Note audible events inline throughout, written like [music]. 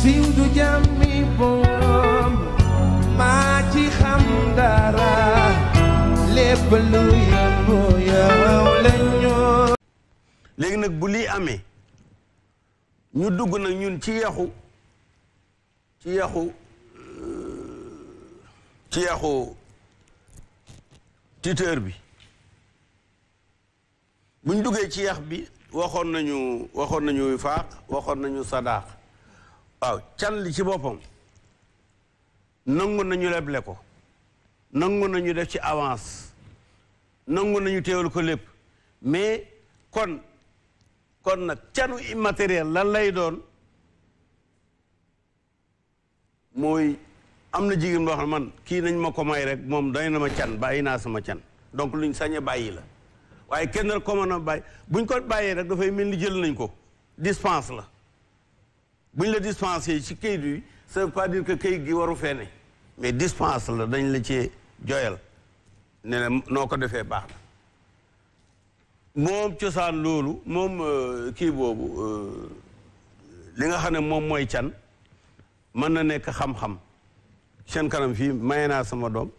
siiw du jàmmi boom maa ci xam dara lépp lu yëngu yow la ñoo léegi nag bu lii amee ñu dugg nag ñun ci yaxu ci yaxu euh, ci yaxu tuteur bi buñ duggee ci yax bi waxoon nañu waxoon nañu wifaaq waxoon nañu sadaq waaw can li ci boppam nangu nañu leble ko nangu nañu def ci avance nangu nañu teewal ko lépp mais kon kon nag canu immatériel lan lay doon mooy am na jigéen boo xam man kii nañ ma ko may rek moom doy na ma can bàyyi naa sama can donc luñ sañ a bàyyi la waaye kenn rek ko mën a bàyyi buñ ko bàyyee rek dafay mel ni jël nañ ko dispense la bu ñu la dispensé ci kayit wi ça veut pas dire que kayit gi waru fee ne mais dispense la dañ la ci joyal ne na noo ko defee baax na moom cosaan loolu moom euh, kii boobu euh, li nga xam ne moom mooy can mën na nekk xam-xam seen kanam fii maye naa sama doom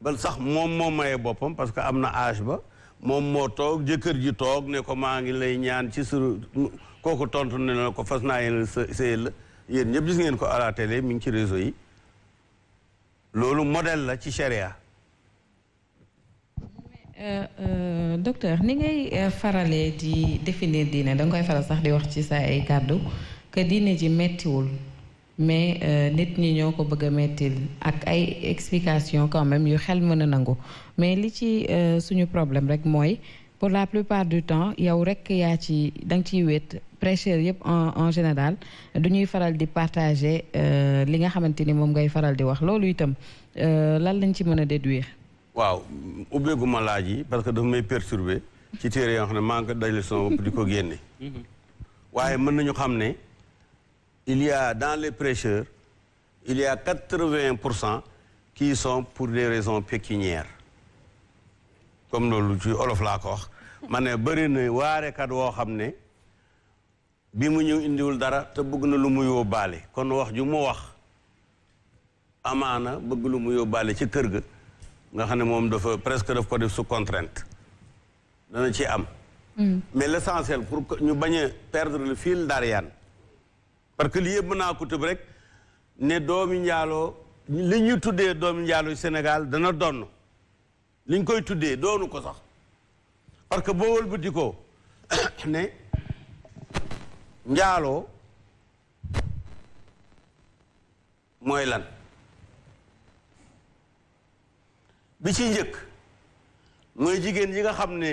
bal sax moom moo maye boppam parce que am na âge ba moom moo toog jëkkër ji toog ne ko maa ngi lay ñaan ci suru kooku tontu ne na ko fas naa yéen sëyal la yéen ñëpp gis ngeen ko à la télé ngi ci réseau yi loolu model la ci charia euh, euh, docteur ni ngay euh, faralee di définir diine danga koy faral sax di wax ci sa ay kàddu que diine ji mettiwul mais nit ñi ñoo ko bëgg a mettil ak ay explication quand même yu xel mën a nangu mais li ci suñu problème rek mooy pour la plupart du temps yow rek ya ci dang ci ciy wéet prêcheurs en en général duñuy faral di partager euh, li nga xamanteni mom ngay faral di wax lolu itam euh, lan lañ ci mëna déduire. waaw ubbeeku ma laaj yi parce que dafa may perturber ci téere yoo xam ne maa ngi dajale sama bopp di ko mhm. waaye mën nañu xam ne il y a dans les prêcheurs il y a 80% qui sont pour des raisons pécuniaires comme loolu ci olof laa ko wax. ma ne bëri na waarekat woo xam ne bi mu ñëw indiwul dara te bëgg na lu mu yóbbaale kon wax ju mu wax amaana bëgg lu mu yóbbaale ci kër ga nga xam ne moom dafa presque daf ko def su contraint dana ci am hmm. mais l'essentiel pour que ñu bañ a perdre le fil d'Ariane parce que li yëpp naa ko tëb rek ne doomi njaaloo li ñu tuddee doomi njaaloo Sénégal dana donn liñ koy tuddee doonu ko sax parce que boo wëlbatikoo [coughs] ne njaaloo mooy lan bi ci njëkk mooy jigéen ji nga xam ne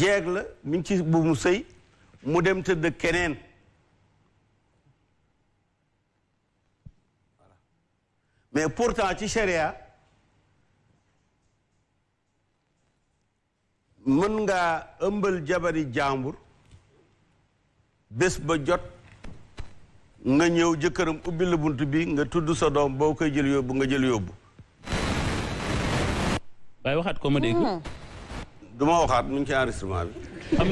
jeeg la mi ci bu mu sëy mu dem tëdd keneen mais pourtant ci sharia mën ngaa ëmbal jabari jàmbur bés ba jot nga ñëw jëkkëram ubbi la bunt bi nga tudd sa doom boo koy jël yóbbu nga jël yóbbu waaye waxaat ko ma dégg hmm. du waxaat mu ngi ci enregistrement bi xam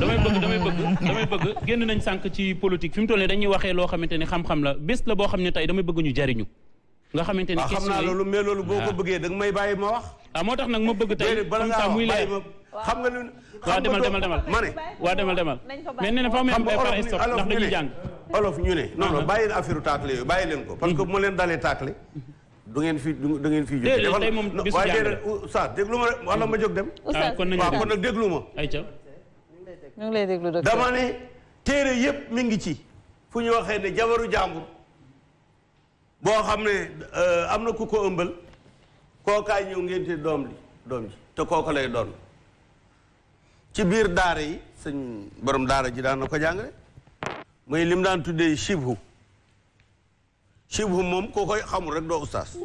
damay bëgg damay bëgg damay bëgg génn nañ sànq ci politique fi mu toll nii dañuy waxee loo xamante ni xam la bés la boo xam ne tey damay bëgg ñu jariñu nga xamante ne ah, question yi xam naa loolu mais loolu boo ko ah. bëggee da nga may bàyyi ma wax. ah moo tax nag ma bëgg tey comme ça muy leer xam nga lu. waaw demal demal demal ma ne. waaw demal demal. mais nee na faaw may am ay ñu ne non non ah. bàyyi leen affaire bàyyi leen ko. parce que hmm. bu ma leen dalee tàkkale. du ngeen fi du ngeen fi jóg. tey moom bisu jàng la waaye déglu ma wala ma jóg dem. kon nañu waaw ma. ayca. ñu ngi lay déglu docteur téere yëpp mi ngi ci fu ñu waxee ne jabaru jàmbur boo xam ne euh, am na ku ko ëmbal kookaay ñëw ngénte doom li doom ji te kooko lay doon ci biir daara yi sëñ borom daara ji daan na ko jàngale muy lim daan tuddee shibhu shibhu moom koo koy xamul rek doo ustaas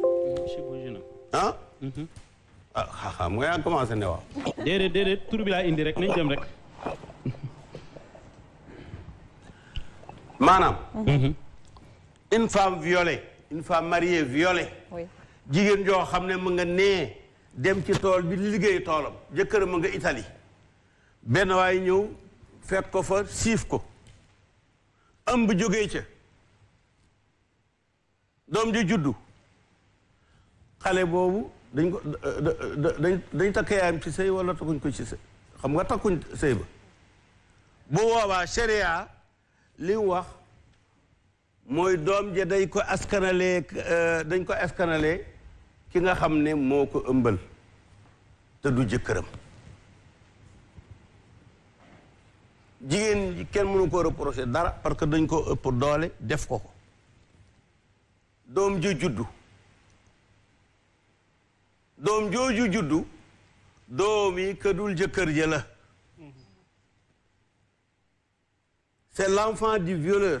ah? Mhm. ah ah xam ah, nga yaa commencé newa waaw déedéet déedéet tur bi laa indi rek nañ dem rek maanaam mhm. une femme une marie mariée violée jigéen joo xam ne mu nga nee dem ci tool bi li liggéey toolam jëkkër mu nga itali benn waay ñëw fekk ko fa siif ko ëmb jóge ca doom ju juddu xale boobu dañ ko dañ takk yaayam ci sëy wala takkuñ ko ci sëy xam nga takkuñ sëy ba bu boobaa sharia li wax mooy doom ja day ko askanale askanalee euh, dañ ko askanalee ki nga xam ne moo ko ëmbal te du jëkkëram jigéen kenn mënu ko reprocher dara parce que dañ ko ëpp doole def ko ko doom ju juddu doom jooju juddu doom yi këdul jëkkër ja la mhm. c'est l'enfant du violeur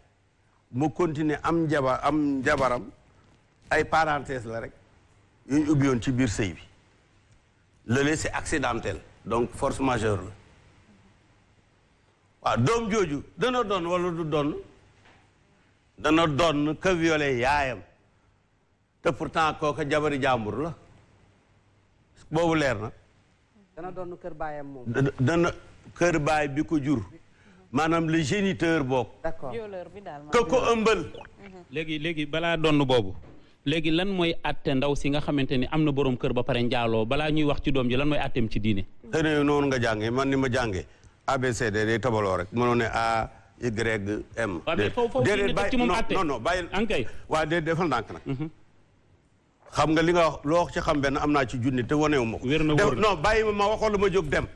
mu continuer am jabar am jabaram ay parenthèse la rek yu ñu ubbi yoon ci biir sëy bi loolee c'est accidentel donc force majeure la waaw doom jooju dana doon wala du doon dana doon ka violé yaayam te pourtant kooka jabari jàmbur la boobu leer na dana doon kër baayam moom dana kër baay bi ko jur maanaam le géniteur boobu. d'accord ka ko ëmbal. léegi léegi balaa donn boobu. léegi lan mooy àtte ndaw si nga xamante ni am na borom kër ba pare njaaloo balaa ñuy wax ci doom ji lan mooy àtteem ci diine. xëy noonu nga jàngee man ni ma jàngee ABCD day tabaloo rek mënoo ne A Y M. waaw mais ci moom àtte non non bàyyi. ankay waaw déedéet defal ndànk nag. Mhm. xam nga li nga wax loo ci xam benn am naa ci junni te wane wu ma ko. wér na wóor bàyyi ma ma la ma jóg dem.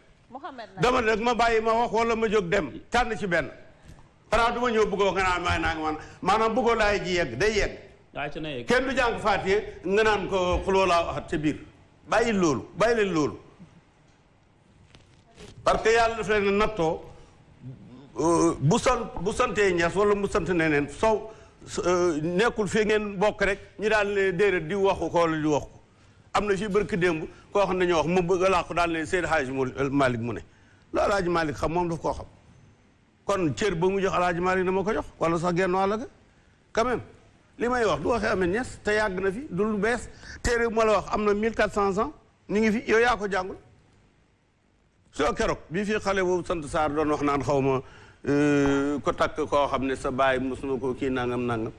dama nag ma bàyyi ma wax wala ma jóg dem tànn ci benn xanaa du ma ñëw bëggoo nga naan maay naa nga man maanaam bëggoo laay ji yegg day yegg kenn du jàng faatiye nga naan ko xuloo laa waxat ca biir bàyyi loolu bàyyi leen loolu parce que yàlla daf leen nattoo euh, bu sant bu santee ñes wala mu sant neneen sow euh, nekkul fii ngeen bokk rek ñu daal ne déedéet di waxu ko wala di waxu am na fii barki démb koo xam ne ñoo wax mu bëgg a làqu daal ne Seydou Hadj malik mu ne lu Alaaji Malick xam moom daf koo xam kon cër ba mu jox alaaj Alaaji Malick dama ko jox wala sax genn wàll ga quand li may wax du waxee amee ñes te yàgg na fi du lu bees téere ma la wax am na 1400 ans ñu ngi fi yow yaa ko jàngul soo keroog bii fi xale boobu sant Sarr doon wax naan xaw ma euh, ko takk koo xam ne sa baay mos koo kii nangam nangam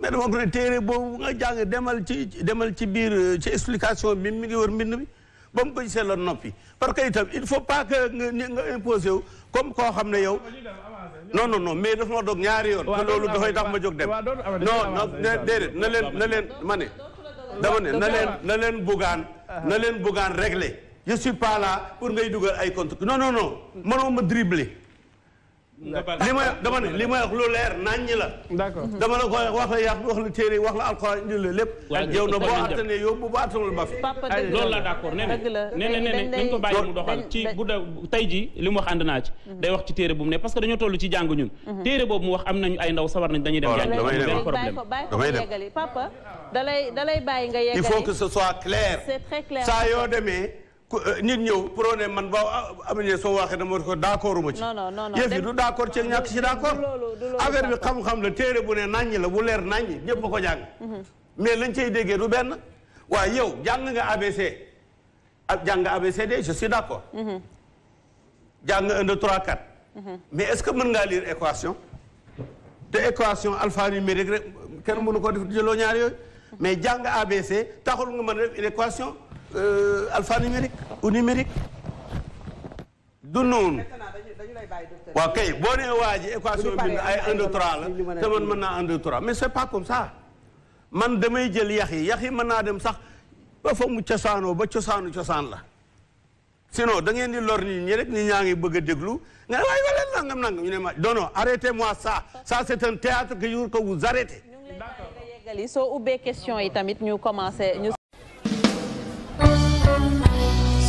mais dama ko ne téere boobu nga jàng demal ci demal ci biir euh, ci explication bi mi ngi wër mbind bi ba mu ko gisee la noppi parce que itam il faut pas que nga imposé wu comme koo xam ne yow non non mais dafa ma doog ñaari yoon te loolu dafay tax ma jóg dem non non déedéet na leen na leen ma ne dama ne na leen na leen na leen bugaan réglé je suis pas pour ngay dugal ay compte non non non mënoo ma dribbler li may dama ne li may lu leer naññ la. dama la koy wax la téere wax la alxuraan indi la lépp. yow na boo attanee yow bu ba attanul fi. loolu la d'accord nee na nee na nañ ko bàyyi li mu wax ànd naa ci. Mhm. day wax ci téere bu mu ne parce que dañoo toll ci jàng ñun. Mhm. téere boobu mu wax am nañu ay ndaw sawar nañ dañuy dem. jàng benn problème damay dem papa dalay bàyyi nga yeggali. saa yoo demee. Eh, nit ñëw prôné man ba ah, amee soo waxee dama ko d'accord ma ci. non yëf yi du d'accord ci ñàkk ci d'accord. affaire bi xam-xam la téere bu ne naññi la bu leer naññi ñëpp a ko jàng. Mhm. mais lañ ciy déggee du benn. waaye yow jàng nga ABC ak ah, jàng nga ABCD je suis d'accord. Mhm. jàng nga 1 2 mhm. mais est-ce que mën ngaa lire équation. te équation alphanumérique rek kenn mënu ko def jëloo ñaar yooyu. mais jàng ABC taxul nga mën a def une équation. Euh, alphanumérique ou numérique du noonu. waaw kay boo nee waa ji équation bi ay 1 2 la te man mën naa 1 2 3 mais c'est pas comme ça man damay jël yax yi yax yi mën naa dem sax ba fa mu cosaanoo ba cosaanu cosaan la sinon da ngeen di lor ñi rek nit ñaa ngi bëgg a déglu nga ne waaye wala nangam nangam ñu ne ma non non arrêtez moi ça ça c'est théâtre que je que vous arrêtez. soo ubbee question yi tamit ñu commencé.